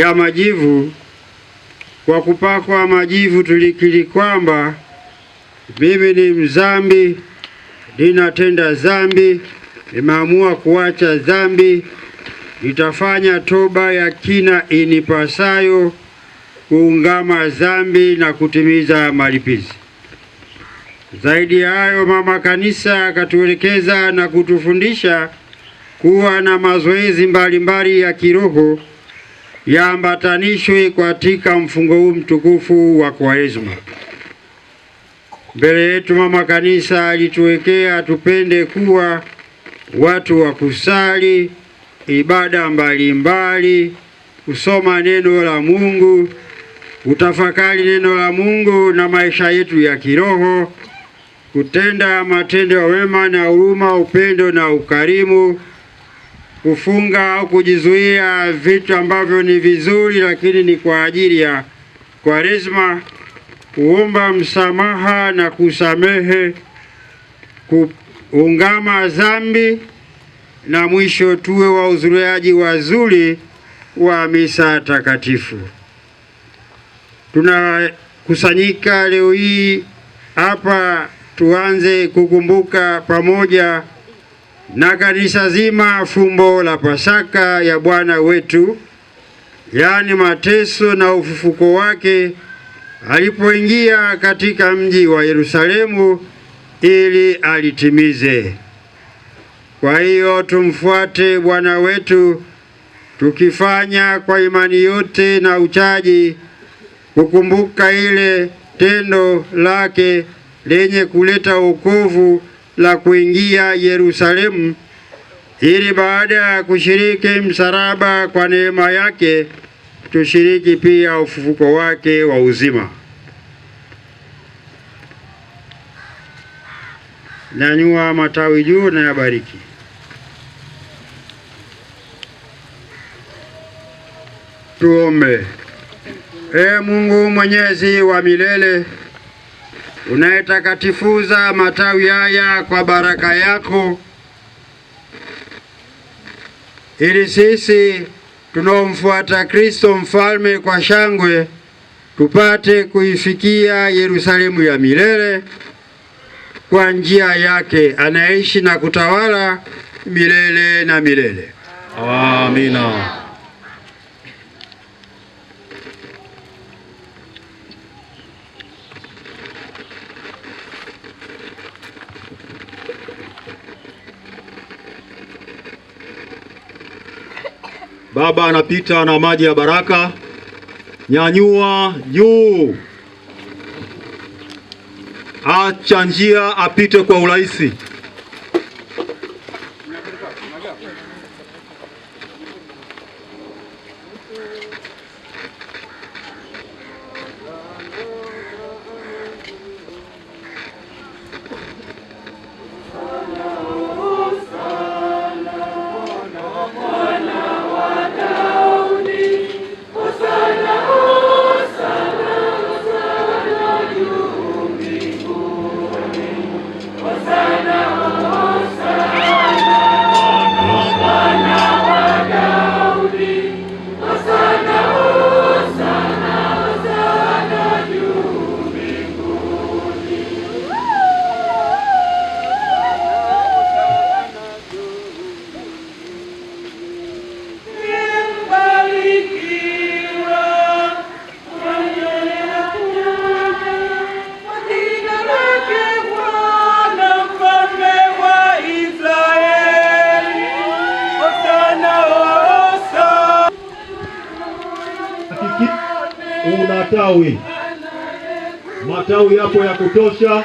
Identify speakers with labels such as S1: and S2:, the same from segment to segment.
S1: ya majivu. Kwa kupakwa majivu tulikiri kwamba mimi ni mzambi, ninatenda zambi nimeamua kuacha zambi nitafanya toba ya kina inipasayo kuungama zambi na kutimiza malipizi. Zaidi ya hayo, mama kanisa akatuelekeza na kutufundisha kuwa na mazoezi mbalimbali ya kiroho yaambatanishwe katika mfungo huu mtukufu wa Kwaresma. Mbele yetu mama kanisa alituwekea tupende kuwa watu wa kusali ibada mbalimbali mbali, kusoma neno la Mungu, kutafakari neno la Mungu na maisha yetu ya kiroho, kutenda matendo ya wema na huruma, upendo na ukarimu kufunga au kujizuia vitu ambavyo ni vizuri, lakini ni kwa ajili ya Kwaresma, kuomba msamaha na kusamehe, kuungama dhambi, na mwisho tuwe wahudhuriaji wazuri wa misa takatifu. Tunakusanyika leo hii hapa, tuanze kukumbuka pamoja na kanisa zima fumbo la Pasaka ya Bwana wetu, yaani mateso na ufufuko wake alipoingia katika mji wa Yerusalemu ili alitimize. Kwa hiyo tumfuate Bwana wetu tukifanya kwa imani yote na uchaji kukumbuka ile tendo lake lenye kuleta wokovu la kuingia Yerusalemu ili baada ya kushiriki msalaba kwa neema yake tushiriki pia ufufuko wake wa uzima. Nanyua matawi juu na yabariki. Tuombe. Ee Mungu mwenyezi wa milele unayetakatifuza matawi haya kwa baraka yako, ili sisi tunaomfuata Kristo mfalme kwa shangwe tupate kuifikia Yerusalemu ya milele kwa njia yake anaishi na kutawala milele na milele.
S2: Amina. Baba anapita na maji ya baraka. Nyanyua juu, acha njia apite kwa urahisi. matawi. Matawi yapo ya kutosha.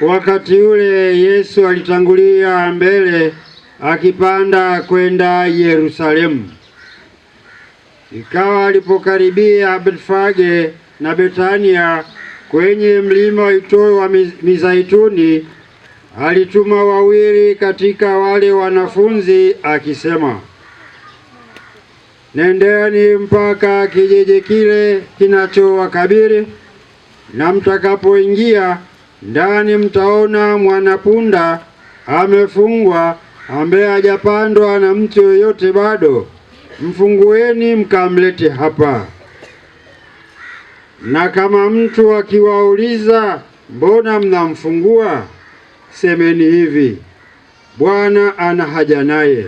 S1: Wakati ule Yesu alitangulia mbele akipanda kwenda Yerusalemu. Ikawa alipokaribia Betfage na Betania kwenye mlima waitoo wa Mizaituni, alituma wawili katika wale wanafunzi akisema, nendeni mpaka kijiji kile kinachowakabiri na mtakapoingia ndani mtaona mwanapunda amefungwa, ambaye hajapandwa na mtu yoyote bado. Mfungueni mkamlete hapa. Na kama mtu akiwauliza mbona mnamfungua, semeni hivi, Bwana ana haja naye.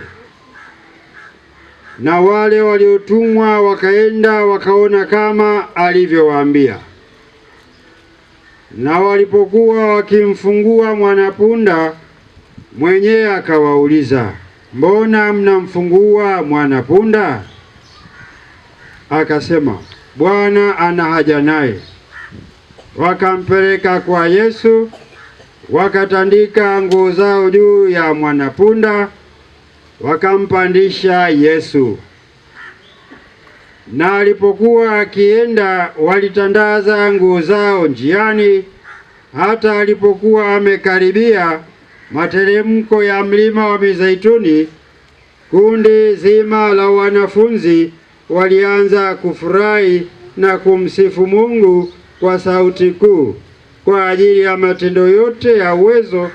S1: Na wale waliotumwa wakaenda wakaona kama alivyowaambia. Na walipokuwa wakimfungua mwanapunda, mwenyewe akawauliza, mbona mnamfungua mwanapunda? Akasema, Bwana ana haja naye. Wakampeleka kwa Yesu, wakatandika nguo zao juu ya mwanapunda, wakampandisha Yesu na alipokuwa akienda walitandaza nguo zao njiani. Hata alipokuwa amekaribia materemko ya mlima wa Mizeituni, kundi zima la wanafunzi walianza kufurahi na kumsifu Mungu kwa sauti kuu kwa ajili ya matendo yote ya uwezo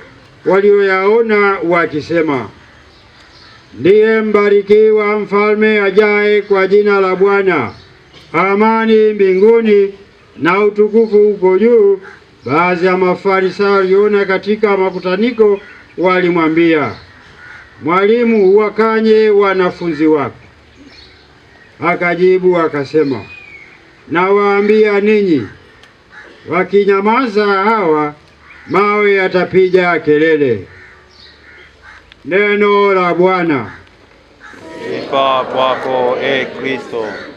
S1: walioyaona wakisema ndiye mbarikiwa mfalme ajaye kwa jina la Bwana. Amani mbinguni na utukufu uko juu. Baadhi ya Mafarisayo waliona katika makutaniko, walimwambia Mwalimu, uwakanye wanafunzi wako. Akajibu akasema, nawaambia ninyi, wakinyamaza hawa mawe yatapiga kelele. Neno la Bwana.
S2: Sifa kwako, e Kristo.